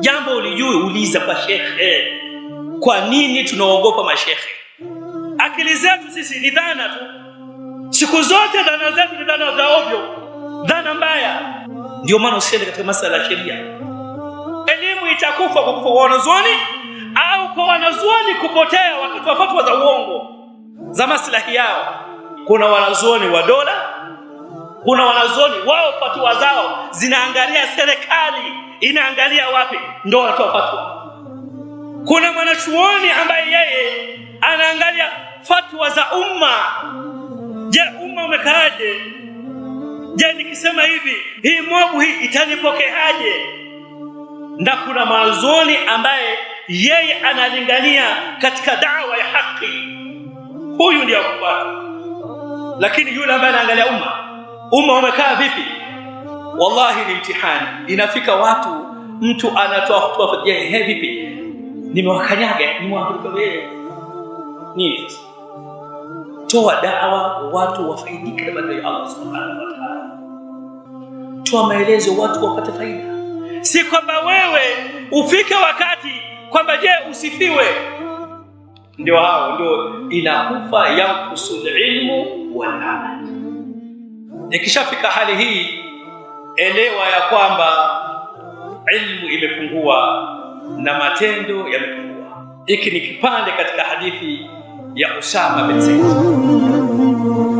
Jambo ulijui, uliza kwa shekhe. Kwa nini tunaogopa mashekhe? Akili zetu sisi ni dhana tu, siku zote dhana zetu ni dhana za ovyo, dhana mbaya. Ndio maana usiende katika masala ya sheria. Elimu itakufa kwa kufa kwa wanazuoni au kwa wanazuoni kupotea wakati wa fatwa za uongo za maslahi yao. Kuna wanazuoni wa dola kuna wanazoni wao fatua zao zinaangalia serikali inaangalia wapi, ndio wanatoa fatua Kuna mwanachuoni ambaye yeye anaangalia fatwa za umma. Je, umma umekaaje? Je, nikisema hivi hii mogu hii itanipokeaje? Na kuna mwanazoni ambaye yeye analingania katika dawa ya haki, huyu ndiye akubali. Lakini yule ambaye anaangalia umma Umma umekaa vipi? Wallahi ni mtihani. Inafika watu mtu anatoa hotuba je, vipi? Nimewakanyaga, nimewaanguka wewe. Nini? Toa dawa watu wafaidike na maneno ya Allah Subhanahu wa Ta'ala. Toa maelezo watu wapate faida. Si kwamba wewe ufike wakati kwamba je, usifiwe. Ndio hao ndio inakufa yankusul ilmu wal amal. Ikishafika hali hii, elewa ya kwamba ilmu imepungua na matendo yamepungua. Hiki ni kipande katika hadithi ya Usama bin Zaid.